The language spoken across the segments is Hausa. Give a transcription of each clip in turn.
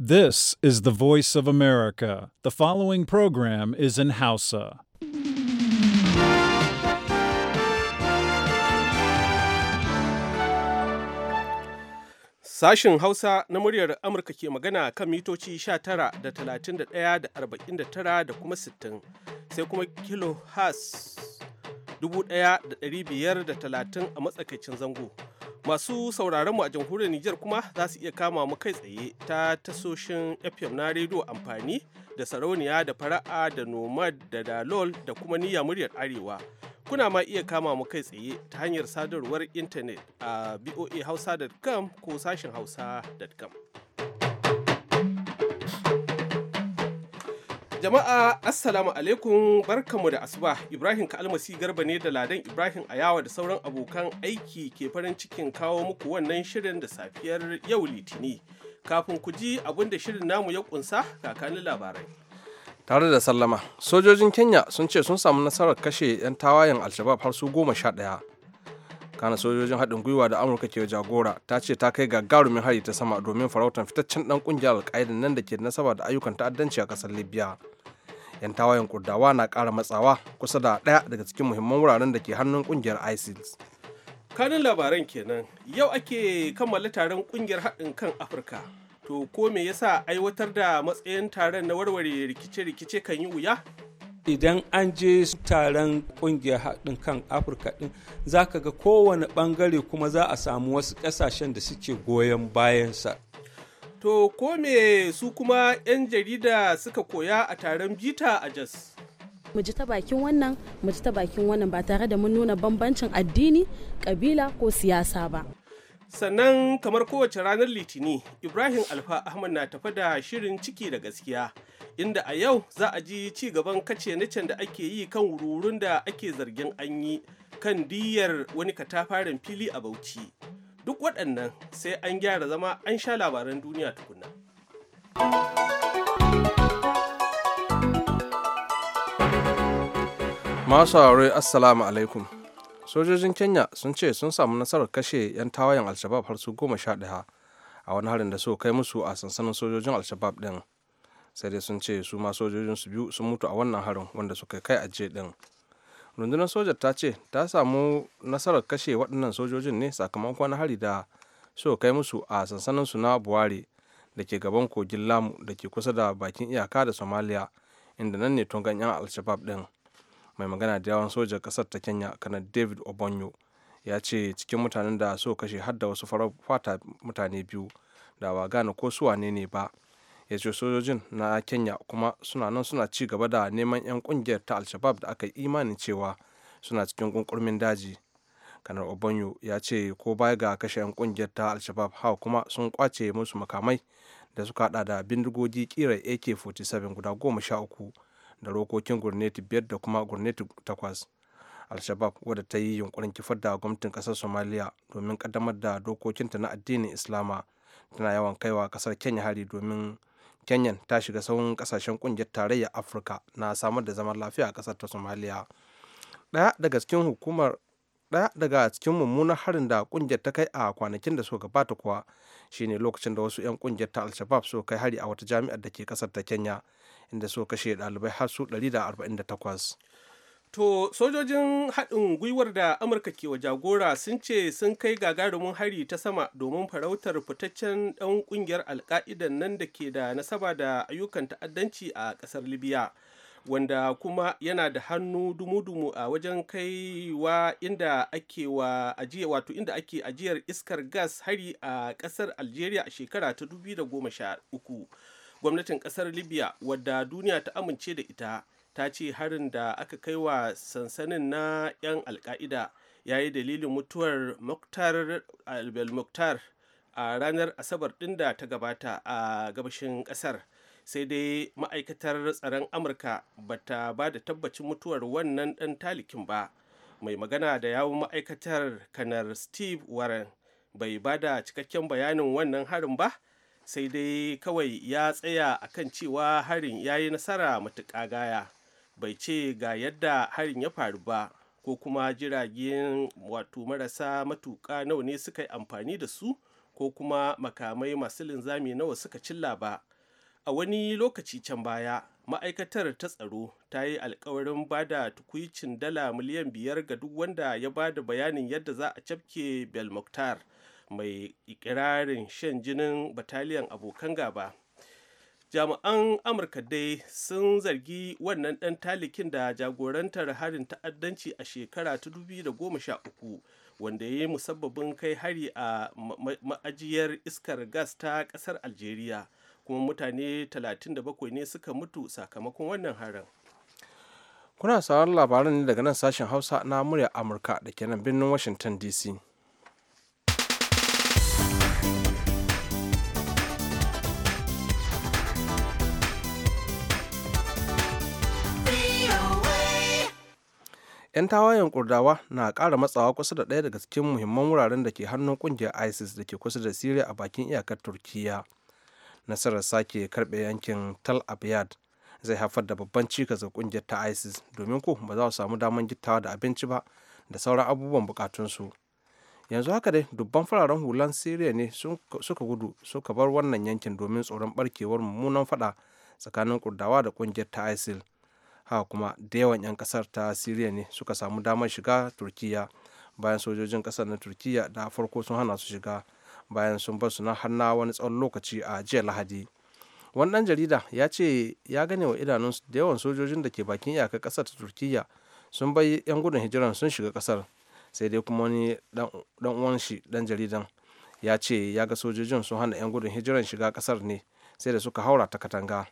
This is the voice of America. The following program is in Hausa. Sashen Hausa na muryar Amurka ke magana kan mitoci 19 da 31 da 49 da kuma 60 sai kuma kilo has 1530 a matsakaicin zango. Masu sauraron mu a jamhuriyar Nijar kuma za su iya kama mu kai tsaye ta tasoshin FM na rediyo amfani da sarauniya da fara'a da nomad da dalol da kuma niyya muryar arewa. Kuna ma iya kama mu kai tsaye ta hanyar sadarwar intanet a boahausa.com ko sashen hausa.com. Jama'a Assalamu alaikum barkamu da asuba Ibrahim Kalmasi Garba ne da Ladan Ibrahim Ayawa da sauran abokan aiki ke farin cikin kawo muku wannan shirin da safiyar yau Litini. Kafin ku ji abin da shirin namu ya kunsa kakanin labarai. Tare da sallama, sojojin Kenya sun ce sun samu nasarar kashe 'yan tawayen Alshabab har su goma sha ɗaya kana sojojin haɗin gwiwa da amurka ke jagora ta ce ta kai gagarumin hari ta sama domin farautar fitaccen dan kungiyar alkaida nan da ke nasaba da ayyukan ta'addanci a ƙasar libya yan tawayen kurdawa na kara matsawa kusa da ɗaya daga cikin muhimman wuraren da ke hannun kungiyar isis kanin labaran kenan yau ake kammala taron kungiyar haɗin kan afirka to ko me yasa aiwatar da matsayin taron na warware rikice-rikice kan yi wuya idan an je taron kungiyar haɗin kan afirka ɗin za ka ga kowane ɓangare kuma za a samu wasu ƙasashen da suke goyon bayansa to ko me su kuma 'yan jarida suka koya a taron bita a jas mu ji ta bakin wannan mu ji ta bakin wannan ba tare da mun nuna bambancin addini kabila ko siyasa ba sannan kamar kowace ranar litini ibrahim alfa ahmad na tafa da shirin ciki da gaskiya inda a yau za a ji ci gaban kace nacen da ake yi kan wururun da ake zargin an yi kan diyar wani katafaren fili a Bauchi. Duk waɗannan sai an gyara zama an sha labaran duniya tukuna. Masu aure Assalamu alaikum. Sojojin Kenya sun ce sun samu nasarar kashe 'yan tawayen Alshabab har su goma sha ɗaya a wani harin da suka kai musu a sansanin sojojin Alshabab ɗin. sai dai sun ce su ma sojojin su biyu sun mutu a wannan harin wanda suka kai a jiya din rundunar sojar ta ce ta samu nasarar kashe waɗannan sojojin ne sakamakon hari da so kai musu a sansanin su na buware da ke gaban kogin lamu da ke kusa da bakin iyaka da somalia inda nan ne tungan yan alshabab din mai magana da yawan sojan ƙasar ta kenya kanar david obonyo ya ce cikin mutanen da so kashe har da wasu farar fata mutane biyu da ba gane ko su wane ne ba ya ce sojojin na kenya kuma suna nan suna ci gaba da neman 'yan kungiyar ta alshabab da aka yi imanin cewa suna cikin kunkurmin daji kanar obanyo ya ce ko baya ga kashe 'yan kungiyar ta alshabab hau kuma sun kwace musu makamai da suka hada da bindigogi kira ak-47 guda goma sha uku da rokokin gurneti biyar da kuma gurneti takwas alshabab shabab wadda ta yi yunkurin kifar da gwamnatin kasar somaliya domin kaddamar da dokokinta na addinin islama tana yawan kaiwa kasar kenya hari domin kenyan ta shiga sauran kasashen kungiyar tarayyar afirka na samar da zaman lafiya a kasar ta somaliya daya daga cikin hukumar daya daga cikin mummunan harin da kungiyar ta kai a kwanakin da suka gabata kuwa shine lokacin da wasu 'yan kungiyar ta al-shabab suka kai hari a wata jami'ar da ke kasar ta kenya inda suka kashe dalibai har su 148 To sojojin haɗin gwiwar da Amurka ke wa jagora sun ce sun kai gagarumin hari ta sama domin farautar fitaccen ɗan ƙungiyar alka'idan nan da ke da nasaba da ayyukan ta'addanci a ƙasar Libya. Wanda kuma yana da hannu dumu-dumu a wajen wa inda ake wa ajiye wato inda ake ajiyar iskar gas hari a ƙasar Algeria a shekara ta 2013. Gwamnatin ƙasar Libya wadda duniya ta amince da ita. ta ce harin da aka kai wa sansanin na 'yan alka'ida ya yi dalilin mutuwar muktar a ranar asabar ɗin da ta gabata a gabashin ƙasar sai dai ma'aikatar tsaron amurka ba ta ba da tabbacin mutuwar wannan ɗan talikin ba mai magana da yawon ma'aikatar kanar steve warren bai ba da cikakken bayanin wannan harin ba sai dai kawai ya tsaya akan cewa harin ya yi nasara matuƙa gaya bai ce ga yadda harin ya faru ba ko kuma jiragen wato marasa matuƙa nawa ne suka yi amfani da su ko kuma makamai masu linzami nawa suka cilla ba a wani lokaci can baya ma'aikatar ta tsaro ta yi alkawarin ba da tukuicin dala miliyan biyar ga duk wanda ya ba da bayanin yadda za a cafke belmoktar mai ikirarin shan jinin bataliyan abokan gaba jami'an amurka dai sun zargi wannan dan talikin da jagorantar harin ta'addanci a shekara ta uku wanda ya yi musabbabin kai hari a ma'ajiyar iskar gas ta kasar algeria kuma mutane 37 ne suka mutu sakamakon wannan harin kuna sauran labaran ne daga nan sashen hausa na murya amurka da kenan birnin washington dc 'yan tawayen kurdawa na ƙara matsawa kusa da ɗaya daga cikin muhimman wuraren da ke hannun ƙungiyar isis da ke kusa da syria a bakin iyakar turkiya nasarar sake karɓe yankin tal abyad zai haifar da babban cikas ga ƙungiyar ta isis domin ko ba za su samu damar gittawa da abinci ba da sauran abubuwan bukatunsu yanzu haka dai dubban fararen hulan syria ne suka gudu suka bar wannan yankin domin tsoron barkewar mummunan fada tsakanin kurdawa da ƙungiyar ta isis haka kuma da yawan 'yan kasar ta siriya ne suka samu damar shiga turkiya bayan sojojin kasar na turkiya da farko sun hana su shiga bayan sun bar su na hanna wani tsawon lokaci a jiya lahadi wani dan jarida ya ce ya gane wa idanunsu da yawan sojojin da ke bakin iyakar kasar ta turkiya sun bai 'yan gudun hijiran sun shiga kasar sai dai kuma wani dan uwan shi dan jaridan ya ce ya ga sojojin sun hana 'yan gudun hijiran shiga kasar ne sai da suka haura ta katanga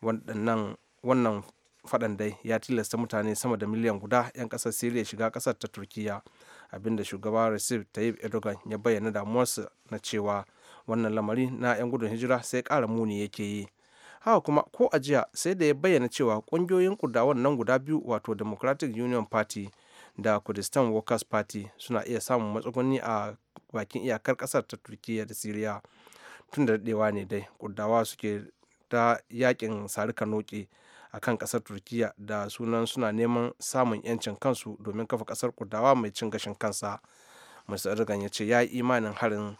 wannan faɗan dai ya tilasta mutane sama da miliyan guda 'yan ƙasar siriya shiga ƙasar ta turkiya abinda shugaba recep tayyip erdogan ya bayyana damuwarsa na cewa wannan lamari na 'yan gudun hijira sai ƙara muni yake yi haka kuma ko a jiya sai da ya bayyana cewa ƙungiyoyin kudawan nan guda biyu wato democratic union party da kurdistan workers party suna iya samun matsuguni a bakin iyakar ƙasar ta turkiya da siriya tun da daɗewa ne dai kudawa suke ta yakin sarika noke a kan kasar turkiya da sunan suna neman samun 'yancin kansu domin kafa kasar kudawa mai cin gashin kansa mr erdogan ya ce ya yi imanin harin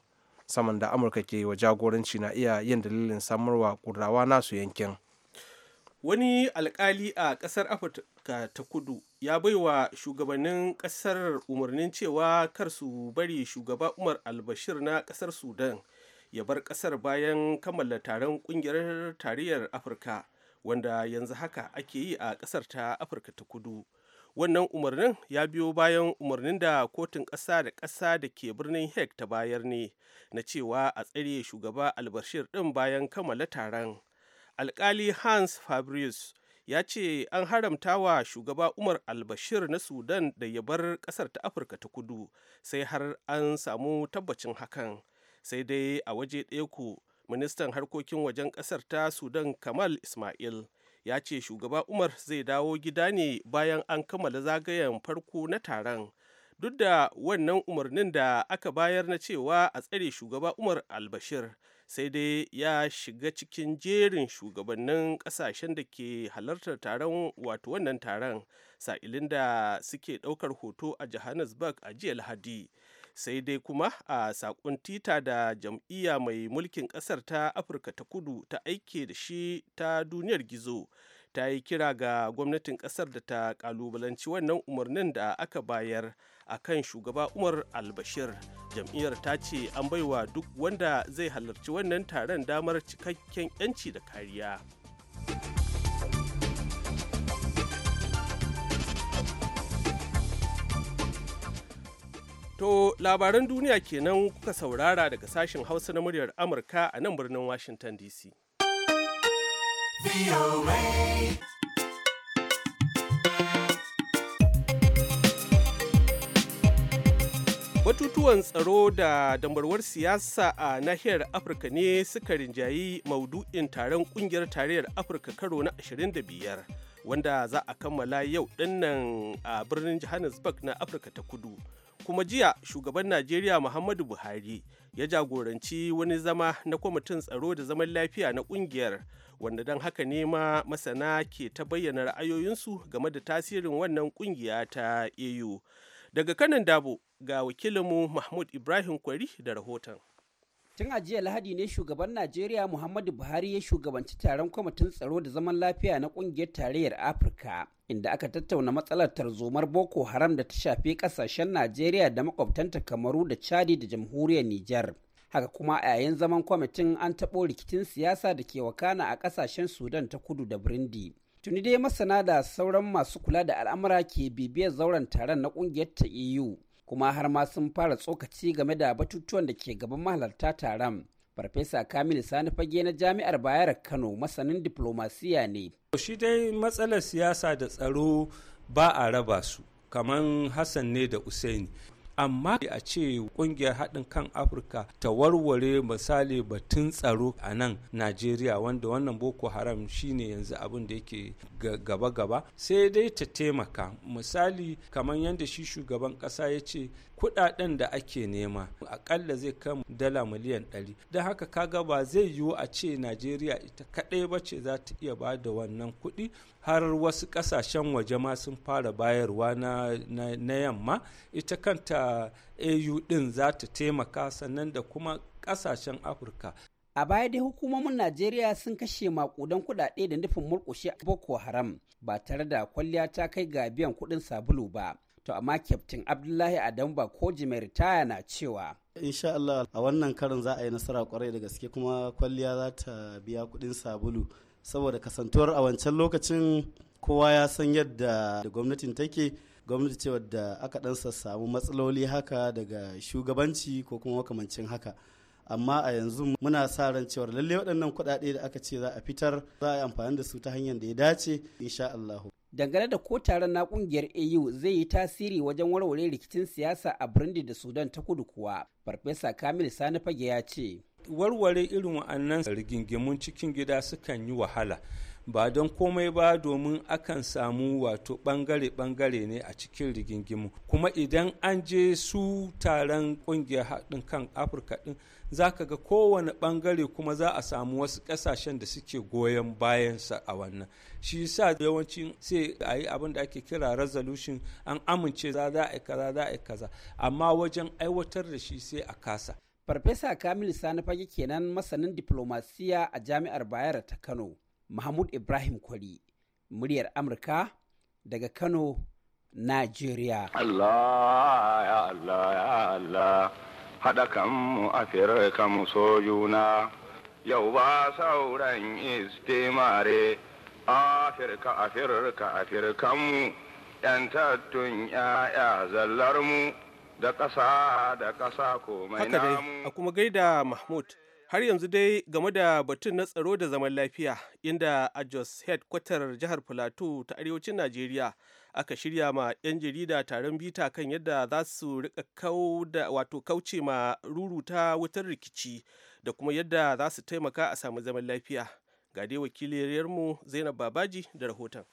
saman da amurka ke wa jagoranci na iya yin dalilin samarwa kudawa nasu yankin wani alkali a kasar afirka ta kudu ya baiwa shugabannin ƙasar umarnin cewa kar su bari shugaba umar albashir na ƙasar sudan ya bar ƙasar bayan kammala taron ƙungiyar tariyar afirka wanda yanzu haka ake yi a ƙasar ta afirka ta kudu wannan umarnin ya biyo bayan umarnin da kotun ƙasa da ƙasa da ke birnin hek ta bayar ne na cewa a tsare shugaba albashir ɗin bayan kammala taron alkali hans fabrius ya ce an haramta wa shugaba umar albashir na sudan da ya bar ƙasar ta afirka ta kudu sai har an samu tabbacin hakan sai dai a waje ɗaya ku ministan harkokin wajen Kasar ta sudan kamal ismail ya ce shugaba umar zai dawo gida ne bayan an kammala zagayen farko na taron duk da wannan umarnin da aka bayar na cewa a tsare shugaba umar albashir sai dai ya shiga cikin jerin shugabannin kasashen da ke halartar taron wato wannan taron sa'ilin da suke ɗaukar hoto a johannesburg a jiya lahadi sai dai kuma a sakon tita da jam'iyya mai mulkin kasar ta afirka ta kudu ta aike da shi ta duniyar gizo ta yi kira ga gwamnatin kasar da ta kalubalanci wannan umarnin da aka bayar a kan shugaba umar albashir jam'iyyar ta ce an baiwa duk wanda zai halarci wannan taron damar cikakken 'yanci da kariya. To labaran duniya kenan kuka saurara daga sashen Hausa na muryar Amurka a nan birnin Washington DC. Batutuwan tsaro da dambarwar siyasa a nahiyar Afirka ne suka rinjayi maudu'in taron kungiyar tarayyar Afirka karo na 25 wanda za a kammala yau dinnan a birnin Johannesburg na Afirka ta kudu. kuma jiya shugaban najeriya muhammadu buhari ya jagoranci wani zama na kwamitin tsaro da zaman lafiya na kungiyar wanda don haka ne ma masana ke ta bayyana ra'ayoyinsu game da tasirin wannan kungiya ta au daga kanan dabo ga wakilinmu mahmud ibrahim kwari da rahoton Tun a jiya Lahadi ne shugaban Najeriya Muhammadu Buhari ya shugabanci taron kwamitin tsaro da zaman lafiya na kungiyar tarayyar Afirka, inda aka tattauna matsalar tarzomar Boko Haram da ta shafi kasashen Najeriya da makwabtanta Kamaru da Chadi da jamhuriyar Nijar. Haka kuma a yayin zaman kwamitin an taɓo rikicin siyasa da ke wakana a kasashen Sudan ta kudu da Burundi. Tuni dai masana da sauran masu kula da al'amura ke bibiyar zauren taron na kungiyar ta EU. kuma har ma sun fara tsokaci game da batutuwan da ke gaban mahalarta taron farfesa kamilu sani fage na jami'ar bayar kano masanin diplomasiya ne shi dai matsalar siyasa da tsaro ba a raba su kamar hassan ne da usaini amma a ce kungiyar haɗin kan afirka ta warware misali batun tsaro a nan najeriya wanda wannan boko haram shine yanzu abin da yake gaba-gaba sai dai ta taimaka misali kamar yadda shi shugaban ƙasa ya ce kudaden da ake nema akalla zai kama dala miliyan 100 don haka kaga ba zai yiwu a ce najeriya ita kadai ba ce za ta iya ba da wannan kuɗi har wasu kasashen waje ma sun fara bayarwa na, na, na yamma ita kanta au din za ta taimaka sannan da kuma kasashen afirka A baya dai hukumomin Najeriya sun kashe makudan kudade da nufin murƙushe Boko Haram ba tare da kwalliya ta kai ga biyan kuɗin sabulu ba. to amma kyaftin abdullahi adamba ko mai ritaya na cewa insha Allah a wannan karin za a yi nasara kwarai da gaske kuma kwalliya za ta biya kudin sabulu saboda kasantuwar a wancan lokacin kowa ya san yadda gwamnatin take gwamnati ce wadda aka dan samu matsaloli haka daga shugabanci ko kuma makamancin haka amma a yanzu muna sa ran cewar lalle waɗannan kuɗaɗe da aka ce za a fitar za a yi amfani da su ta hanyar da ya dace insha Allah dangane da ko taron na kungiyar AU zai yi tasiri wajen warware rikicin siyasa a Burundi da Sudan ta kudu kuwa. Farfesa Kamil Sani Fage ya ce. Warware irin wa'annan rigingimun cikin gida sukan yi wahala. ba don komai ba domin akan samu wato bangare-bangare ne a cikin rigingimu kuma idan an je su taron kungiyar haɗin kan afirka ɗin za ka ga kowane bangare kuma za a samu wasu ƙasashen da suke goyon bayansa a wannan shi sa yawanci sai a yi abin da ake kira resolution an amince za za a kaza za a kaza amma wajen aiwatar da shi sai a kasa farfesa kamil sani fage kenan masanin diplomasiya a jami'ar bayero ta kano Mahmud Ibrahim Kwali, muryar Amurka daga Kano, Najeriya. Allah ya Allah Allah, haɗa kanmu a kanmu so juna, yau ba sauran istimare, Afirka, Afirka, Afirkanmu, ‘yantattun ‘ya'ya zallarmu da ƙasa da ƙasa komai namu. Haka dai, a kuma gaida Mahmud. har yanzu dai game da batun na tsaro da zaman lafiya inda a jos headquarter jihar plateau ta arewacin najeriya aka shirya ma 'yan jarida taron bita kan yadda za su rika wato kauce ma ruruta wutar rikici da kuma yadda za su taimaka a samu zaman lafiya ga dai wakiliyarmu zainab babaji da rahoton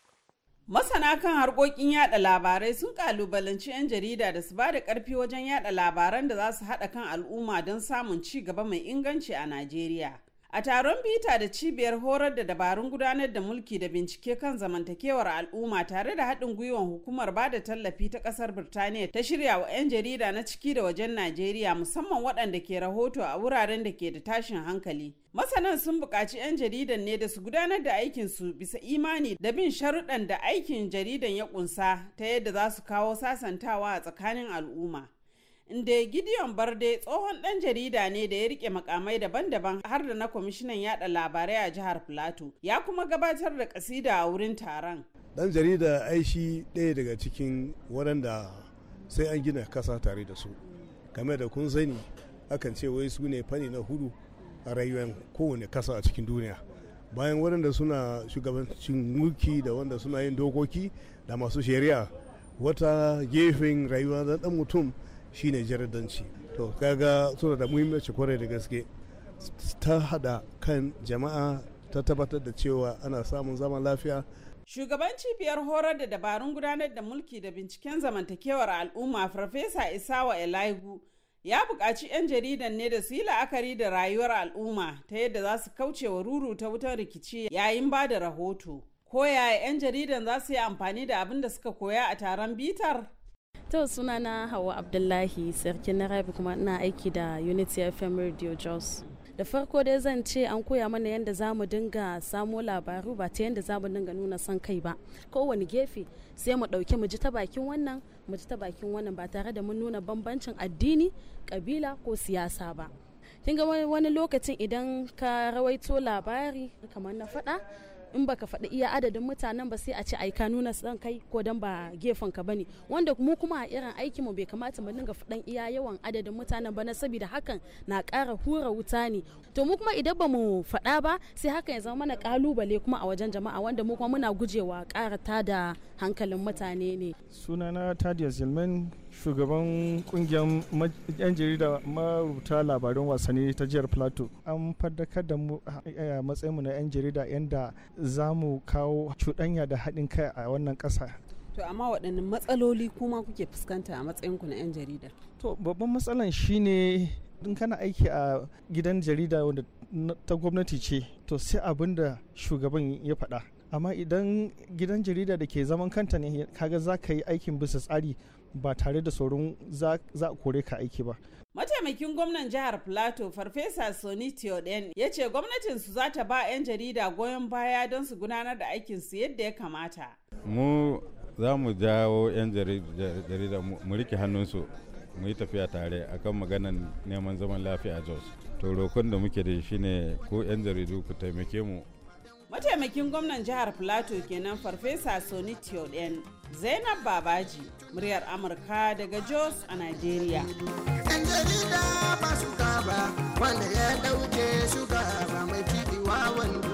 Masana kan harkokin yada labarai sun kalubalanci 'yan jarida da su ba da karfi wajen yada labaran da za su haɗa kan al'umma don samun ci gaba mai inganci a Najeriya. A taron bita da cibiyar horar da dabarun gudanar da mulki da bincike kan zamantakewar al'umma tare da haɗin gwiwar hukumar ba da tallafi ta ƙasar Birtaniya ta shirya wa 'yan jarida na ciki da wajen Najeriya musamman waɗanda ke rahoto a wuraren da ke da tashin hankali. Masanan sun buƙaci 'yan jaridan ne da su gudanar da aikin su bisa imani da bin sharuɗan da aikin jaridan ya ƙunsa ta yadda za su kawo sasantawa a tsakanin al'umma. inda gideon barde tsohon dan jarida ne da ya rike makamai daban-daban har da na kwamishinan yada labarai a jihar plateau ya kuma gabatar da kasida a wurin taron dan jarida aishi daya daga cikin waɗanda sai an gina kasa tare da su game da kun sani akan ce wai su ne fani na hudu a rayuwar kowane kasa a cikin duniya bayan waɗanda suna shugabancin mulki da wanda suna yin dokoki da masu shari'a wata gefen rayuwa na dan mutum shine jaridanci to kaga suna da muhimmanci kwarai da gaske ta hada kan jama'a ta tabbatar da cewa ana samun zaman lafiya Shugaban cibiyar horar da dabarun gudanar da mulki da binciken zamantakewar al'umma Farfesa Isawa elihu ya buƙaci 'yan jaridan ne da su yi la'akari da rayuwar al'umma ta yadda za su kauce wa ruru ta wutar rikici yayin ba da rahoto. Ko yaya 'yan jaridan za su yi amfani da abin da suka koya a taron bitar? To sunana Hawa Abdullahi sarkin na Rabi kuma ina aiki da Unity FM Radio Jos. Da farko dai zan ce an koya mana yadda za mu dinga samo labaru ba ta yadda za mu dinga nuna son kai ba. Kowane gefe sai mu dauke mu ji ta bakin wannan mu ji ta bakin wannan ba tare da mun nuna bambancin addini, kabila ko siyasa ba. Kin ga wani lokacin idan ka rawaito labari kamar na faɗa in baka faɗi iya adadin mutanen ba sai a ce aika nuna san kai ko dan ba gefen ka bane wanda mu kuma a irin aikin mu bai kamata mu dinga faɗan iya yawan adadin mutanen ba na saboda hakan na ƙara hura wuta ne to mu kuma idan ba mu faɗa ba sai hakan ya zama mana kalubale kuma a wajen jama'a wanda mu kuma muna gujewa ƙara tada hankalin mutane ne sunana Tadiya Zilman shugaban kungiyar yan jarida marubuta labarin wasanni ta jihar plateau an faddakar da mu a matsayinmu na yan jarida yadda za mu kawo cuɗanya da haɗin kai a wannan ƙasa to amma waɗanne matsaloli kuma kuke fuskanta a matsayinku na 'yan jarida to babban matsalan shine in kana aiki a gidan jarida wanda ta gwamnati ce to sai abin da shugaban ya faɗa amma idan gidan jarida da ke zaman kanta ne kaga za ka yi aikin bisa tsari ba tare da tsoron za a kore ka aiki ba mataimakin gwamnan jihar plateau farfesa soni Theoden, ya ce gwamnatin su za ta ba 'yan jarida goyon baya don su gudanar da aikinsu yadda ya kamata mu za mu jawo 'yan jarida mu rike hannunsu mu yi tafiya tare akan maganan neman zaman lafiya jos to da muke da shi ne ko 'yan jaridu ku taimake mu mataimakin gwamnan jihar plateau kenan farfesa soni tioden zainab babaji muryar amurka daga jos a nigeria wanda ya dauke su mai wa wani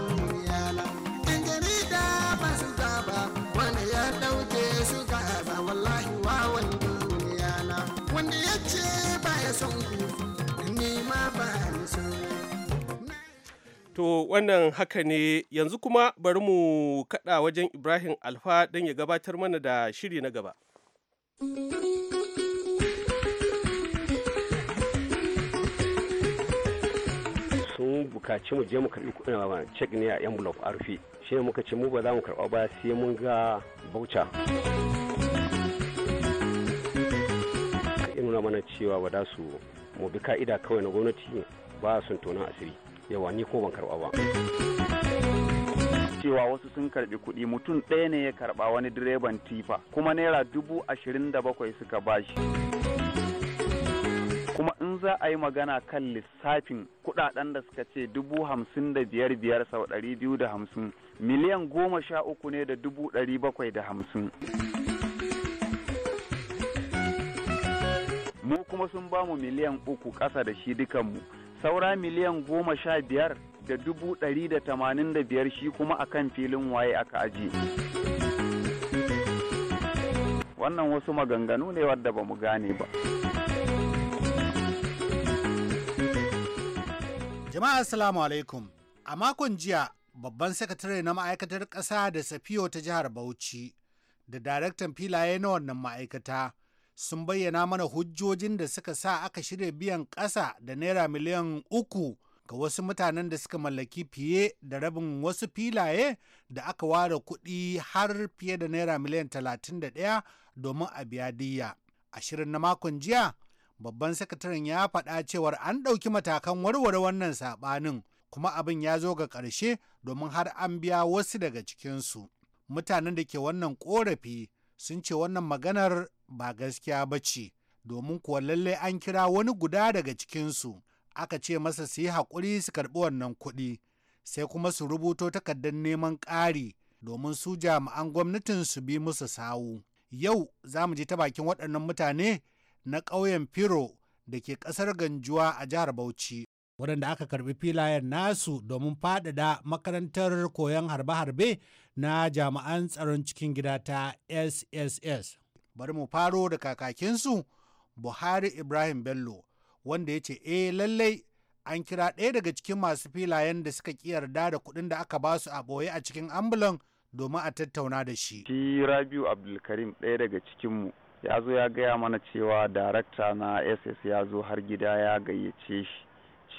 To wannan haka ne yanzu kuma bari mu kaɗa wajen Ibrahim Alfa don ya gabatar mana da shiri na gaba. Sun bukaci mu je mu karɓi kuɗin ah, cek ne a envelope a rufe. Shi ne muka ce mu ba za mu karɓa ba sai mun ga bauta. nuna mana cewa wada su mu bi ka'ida kawai na gwamnati ba sun tona asiri. yawa ni ko ban karba ba cewa wasu sun karbi kuɗi mutum ɗaya ne ya karɓa wani direban tifa kuma naira dubu ashirin da bakwai suka bashi kuma in za a yi magana kan lissafin kuɗaɗen da suka ce dubu hamsin da biyar biyar sau ɗari biyu da hamsin miliyan goma sha uku ne da dubu ɗari bakwai da hamsin mu kuma sun bamu miliyan uku ƙasa da shi dukanmu saura miliyan goma sha biyar da dubu ɗari da tamanin da biyar shi kuma a kan filin waye aka aji. wannan wasu maganganu ne wadda ba mu gane ba jama'a assalamu alaikum a makon jiya babban sakatare na ma'aikatar ƙasa da safiyo ta jihar bauchi da daraktan filaye na wannan ma'aikata sun bayyana mana hujjojin da suka sa aka shirya biyan ƙasa da naira miliyan uku ga wasu mutanen da suka mallaki fiye da rabin wasu filaye da aka ware kuɗi har fiye da naira miliyan talatin da ɗaya domin a biya diyya. A shirin na makon jiya, babban sakataren ya faɗa cewar an ɗauki matakan warware wannan saɓanin kuma abin ya zo ga ƙarshe domin har an biya wasu daga cikinsu. Mutanen da ke wannan ƙorafi sun ce wannan maganar ba gaskiya ba ce domin kuwa lallai an kira wani guda daga cikinsu aka ce masa su yi haƙuri su karɓi wannan kuɗi sai kuma su rubuto takardar neman ƙari domin su jami'an gwamnatin su bi musu sawu yau za mu ji ta bakin waɗannan mutane na ƙauyen firo da ke ƙasar ganjuwa a jihar bauchi waɗanda aka karbi filayen nasu domin faɗaɗa makarantar koyon harbe-harbe na jami'an tsaron cikin gida ta sss bari mu faro da kakakinsu buhari ibrahim bello wanda ya ce eh lallai an kira ɗaya daga cikin masu filayen da suka yarda da kuɗin da aka ba su a ɓoye a cikin ambulan domin a tattauna da shi. Shi Rabiu Abdulkarim ɗaya daga cikinmu ya zo ya gaya mana cewa darakta na SS ya zo har gida ya gayyace shi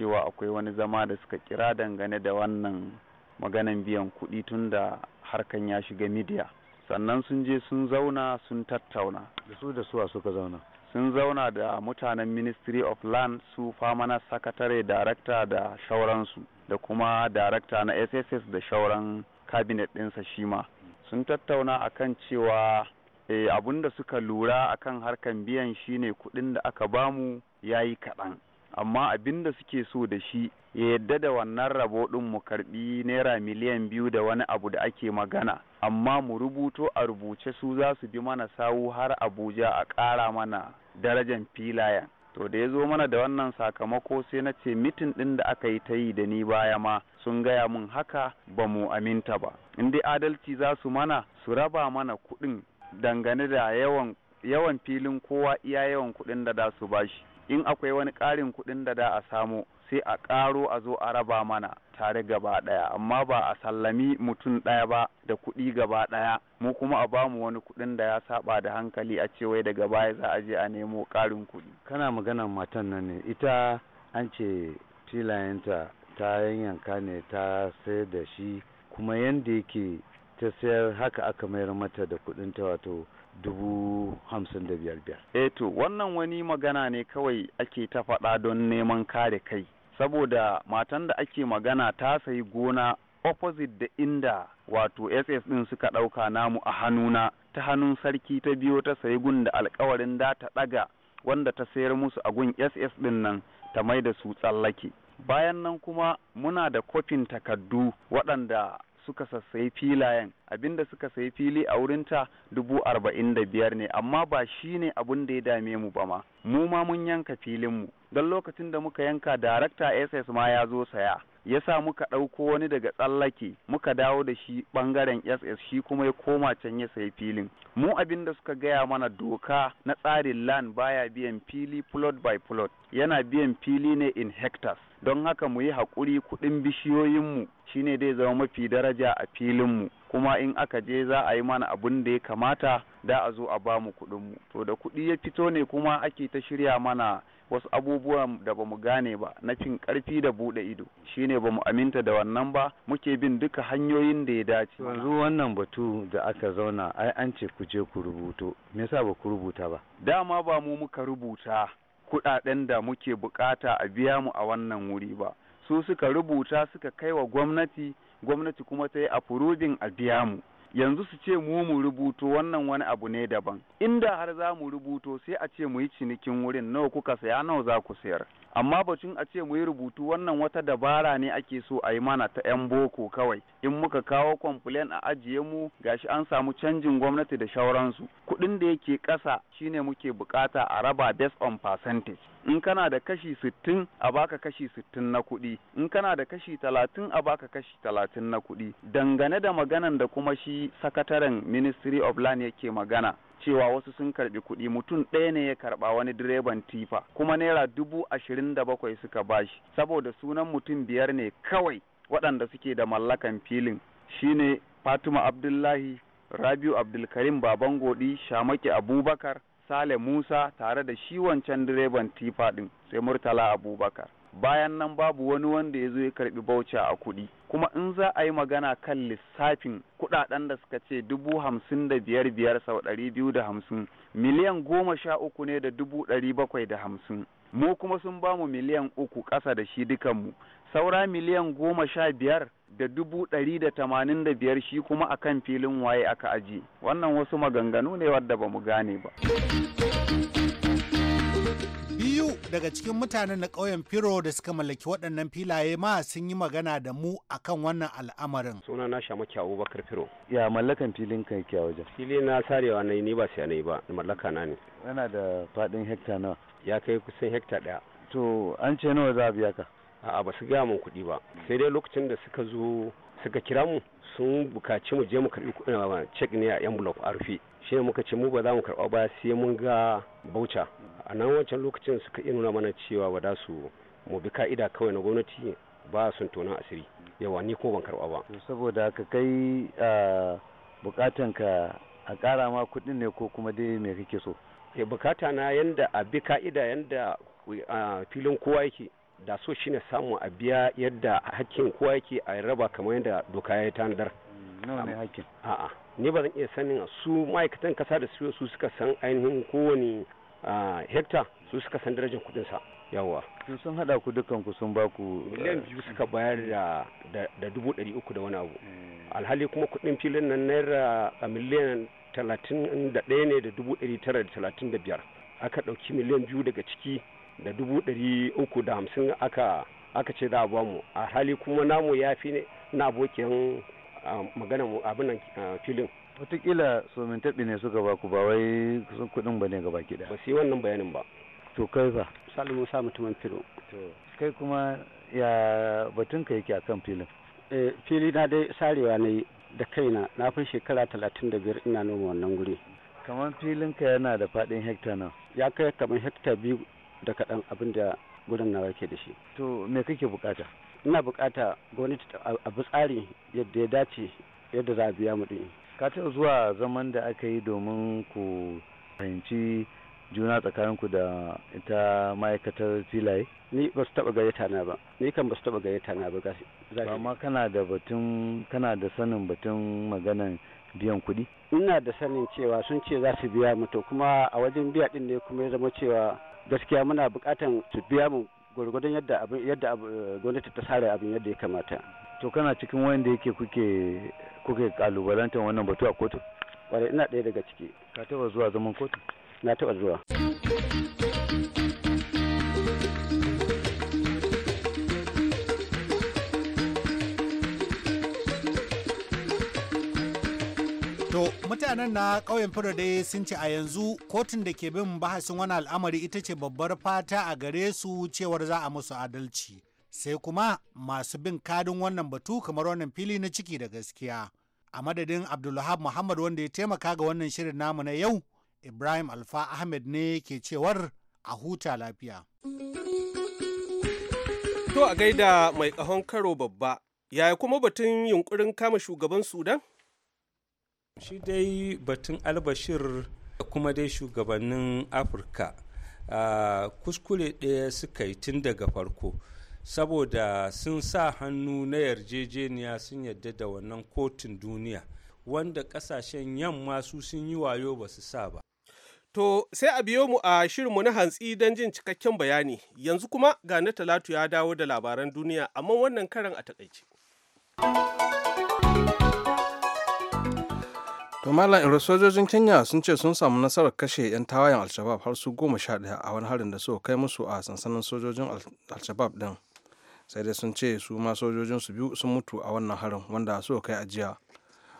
cewa akwai wani zama da suka kira dangane da wannan maganan biyan kuɗi tun da harkan ya shiga midiya sannan sun je sun zauna sun tattauna da su da suwa suka zauna sun zauna da mutanen ministry of land su famana sakatare darakta da shauransu da kuma darakta na sss da shauran kabinet ɗinsa shi ma sun tattauna akan cewa eh, abun da suka lura akan harkan biyan shine kuɗin da aka bamu ya yi kaɗan amma abin da suke so da shi ya yadda da wannan rabo ɗin mu karɓi naira miliyan biyu da wani abu da ake magana amma mu rubuto a rubuce su za su bi mana sawu har abuja a ƙara mana darajan filayen to da ya zo mana da wannan sakamako sai na ce mitin ɗin da aka yi ta yi da ni baya ma sun gaya mun haka ba mu aminta ba in dai adalci za su mana su raba mana kuɗin dangane da yawan yawan filin kowa iya yawan kuɗin da za su bashi in akwai wani ƙarin kuɗin da za a samu sai a ƙaro a zo a raba mana tare gaba ɗaya amma ba a sallami mutum ɗaya ba da kuɗi gaba ɗaya mu kuma a bamu wani kuɗin da ya saba da hankali a ce wai daga baya za a je a nemo ƙarin kuɗi. kana maganan matan nan ne ita an ce filayenta ta yanyanka ne ta sayar da shi kuma yadda yake ta sayar haka aka mayar mata da kuɗinta wato dubu hamsin da biyar biyar. Eh to wannan wani magana ne kawai ake ta faɗa don neman kare kai saboda matan da ake magana ta sayi gona opposite da inda wato ss ɗin suka ɗauka namu a hannuna ta hannun sarki ta biyo ta sayi gun da alkawarin da ta ɗaga wanda ta sayar musu a gun ss din nan ta mai da su tsallake bayan nan kuma muna da kofin takardu waɗanda suka sassai filayen abinda suka sayi fili a wurinta dubu arba'in da biyar ne amma ba shi ne abin da ya dame mu ba ma mu ma mun yanka filinmu don lokacin da muka yanka darakta ss ma ya zo saya ya sa muka ɗauko wani daga tsallake muka dawo da shi ɓangaren ss shi kuma ya koma can ya sayi filin mu abin da suka gaya mana doka na tsarin land baya biyan fili plot by plot yana biyan fili ne in hectares don haka mu yi haƙuri kuɗin bishiyoyinmu shine dai zama mafi daraja a filinmu kuma in aka je za a yi mana abin da ya kamata da a zo a ba mu kuɗinmu to da kuɗi ya fito ne kuma ake ta shirya mana wasu abubuwan da ba mu gane ba na cin ƙarfi da buɗe ido shine ba mu aminta da wannan ba muke bin duka hanyoyin da ya dace yanzu wannan batu da aka zauna ai an ce ku je ku rubuto me yasa ba ku rubuta ba dama ba mu muka rubuta kuɗaɗen da muke bukata a biya mu a wannan wuri ba su suka rubuta suka kai wa gwamnati gwamnati kuma ta yi furudin a biya mu yanzu su ce mu mu rubuto wannan wani abu ne daban inda har za mu rubuto sai a ce mu yi cinikin wurin nawa kuka saya nawa za ku sayar amma batun a ce mu yi rubutu wannan wata dabara ne ake so a yi mana ta 'yan boko kawai in muka kawo complain a ajiye mu gashi an samu canjin gwamnati da shauransu kuɗin da yake ƙasa shine muke bukata a raba based on percentage in kana da kashi sittin, a baka kashi sittin na kuɗi in kana da kashi talatin, a baka kashi talatin na kuɗi dangane da maganan da kuma shi sakataren ministry of land yake magana cewa wasu sun karbi kuɗi mutum ɗaya ne ya karɓa wani direban tifa kuma naira dubu ashirin da bakwai suka bashi saboda sunan mutum biyar ne kawai waɗanda suke da mallakan filin shine fatima abdullahi rabiu abdulkarim baban godi shamaki abubakar Sale Musa tare da shi wancan direban tifa ɗin sai Murtala Abubakar. Bayan nan babu wani wanda ya zo ya karɓi baucha a kuɗi. Kuma in za a yi magana kan lissafin kuɗaɗen da suka ce dubu hamsin da biyar biyar sau ɗari biyu da hamsin miliyan goma sha uku ne da dubu ɗari bakwai da hamsin. Mu kuma sun bamu miliyan uku ƙasa da shi dukanmu saura miliyan goma sha biyar da dubu ɗari da tamanin da biyar shi kuma a kan filin waye aka aji wannan wasu maganganu ne wadda ba mu gane ba biyu daga cikin mutanen na ƙauyen firo da suka mallaki waɗannan filaye ma sun yi magana da mu akan wannan al'amarin suna na sha kyawu bakar firo ya mallakan filin kan kya wajen fili na sarewa na ni ba sai na yi ba mallaka na ne yana da faɗin hekta nawa ya kai kusan hekta ɗaya to an ce nawa za a biya ka a'a ba su gaya mun kuɗi ba sai dai lokacin da suka zo suka kira mu sun bukaci mu je mu karbi ah, cek ne a envelope a rufe shi ne muka ce mu ba za mu karba ba sai mun ga baucha a nan wancan lokacin suka iya nuna mana cewa ba da su mu bi ka'ida kawai na gwamnati ba sun tona asiri yawa ni ko ban karba ba saboda ka kai ah, bukatan ka a kara ma kuɗin ne ko kuma dai me kake so eh, bukata na yanda a bi ka'ida yanda ah, filin kowa yake da so shine samu a biya yadda hakkin kowa yake a raba kamar yadda doka ya tanadar mm, nawa ne hakkin a'a ni ba zan iya sanin su ma'aikatan kasa da su su suka san ainihin kowane hekta su suka san darajar kudin sa yawa Su sun hada ku dukkan ku sun baku miliyan biyu suka bayar da da dubu ɗari uku da wani abu eh. alhali kuma kudin filin nan naira miliyan talatin da ɗaya ne da dubu ɗari tara da talatin da biyar aka ɗauki miliyan biyu daga ciki da dubu ɗari uku da hamsin aka aka ce za a bamu a hali kuma namu ya fi na abokin magana nan filin so somin taɓi ne suka baku ba wai sun kuɗin ba ne ga baki ɗaya ba su yi wannan bayanin ba to kai fa salu musa mutumin filo kai kuma ya batun ka yake akan filin eh, fili na dai sarewa ne da kaina na fi shekara talatin da biyar ina noma wannan guri kamar filin ka yana da faɗin hekta nan ya kai kamar hekta biyu da kaɗan abin da gudun nawa ke da shi. To me kake bukata? Ina bukata gwamnati abu tsari yadda ya dace yadda za a biya mu ɗin. Ka taɓa zuwa zaman da aka yi domin ku fahimci juna tsakanin ku da ita ma'aikatar filaye? Ni ba su taɓa gayyata na ba, ni kan ba su taɓa gayyata na ba Ba amma kana da batun kana da sanin batun maganan biyan kuɗi? Ina da sanin cewa sun ce za su biya mu to kuma a wajen biya ɗin ne kuma ya zama cewa gaskiya muna bukatan su biya mu gwargwadon yadda abin yadda eh, gwamnati ta sare abin yadda ya kamata to kana cikin wanda yake kuke kuke kalubalantar wannan batu a kotu kwarai ina ɗaya daga ciki ka taɓa zuwa zaman kotu na taɓa zuwa mutanen na ƙauyen dai sun ce a yanzu kotun da ke bin bahasin wani al'amari ita ce babbar fata a gare su cewar za a musu adalci sai kuma masu bin kadin wannan batu kamar wannan fili na ciki da gaskiya a madadin abdulhab muhammad wanda ya taimaka ga wannan shirin namu na yau ibrahim alfa ahmed ne ke cewar a huta lafiya to a gaida mai kahon karo babba yaya kuma batun yunkurin kama shugaban sudan shi dai batun albashir da kuma dai shugabannin afirka kuskure ɗaya suka yi tun daga farko saboda sun sa hannu na yarjejeniya sun yadda da wannan kotun duniya wanda kasashen yamma su sun yi wayo ba su sa ba To sai a biyo mu a shirinmu na hantsi don jin cikakken bayani. Yanzu kuma ga na Talatu ya dawo da labaran duniya, amma wannan karan a taƙaice. to malam sojojin kenya sun ce sun samu nasarar kashe 'yan tawayen alshabab har su goma sha daya a wani harin da suka kai musu a sansanin sojojin alshabab din sai dai sun ce su ma sojojin su biyu sun mutu a wannan harin wanda suka kai a jiya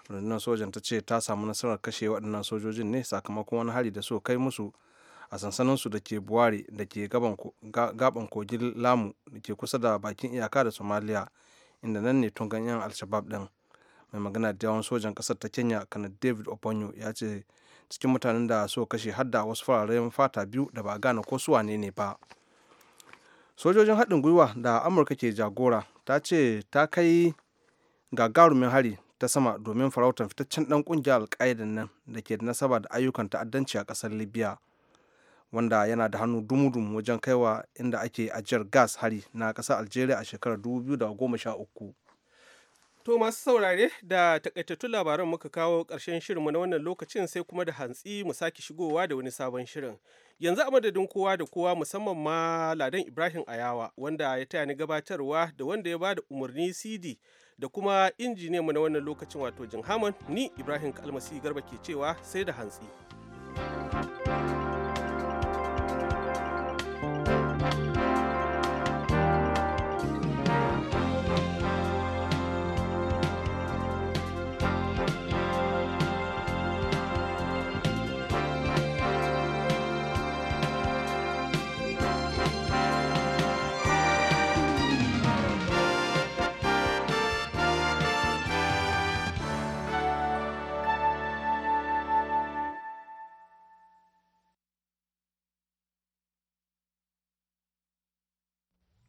rundunar sojan ta ce ta samu nasarar kashe waɗannan sojojin ne sakamakon wani hari da suka kai musu a sansaninsu da ke buwari da ke gaban kogin lamu da ke kusa da bakin iyaka da somalia inda nan ne tun ganyen alshabab din mai magana da yawan sojan kasar ta kenya kana david oponyo ya ce cikin mutanen da so kashe hadda wasu fararen fata biyu da ba gane ko su wane ne ba sojojin haɗin gwiwa da amurka ke jagora ta ce ta kai gagarumin hari ta sama domin farautar fitaccen ɗan ƙungiyar alkaidan nan da ke da nasaba da ayyukan ta'addanci a ƙasar libya wanda yana da hannu dumudum wajen kaiwa inda ake ajiyar gas hari na kasar algeria a shekarar 2013 To masu saurare da takaitattu labaran muka kawo ƙarshen shirinmu na wannan lokacin sai kuma da hantsi mu sake shigowa da wani sabon shirin. Yanzu a madadin kowa da kowa musamman ma Ladan Ibrahim Ayawa wanda ya taya ni gabatarwa da wanda ya bada umarni CD da kuma mu na wannan lokacin wato Jin Hammond ni Ibrahim Kalmasi Garba ke cewa sai da hantsi. thank you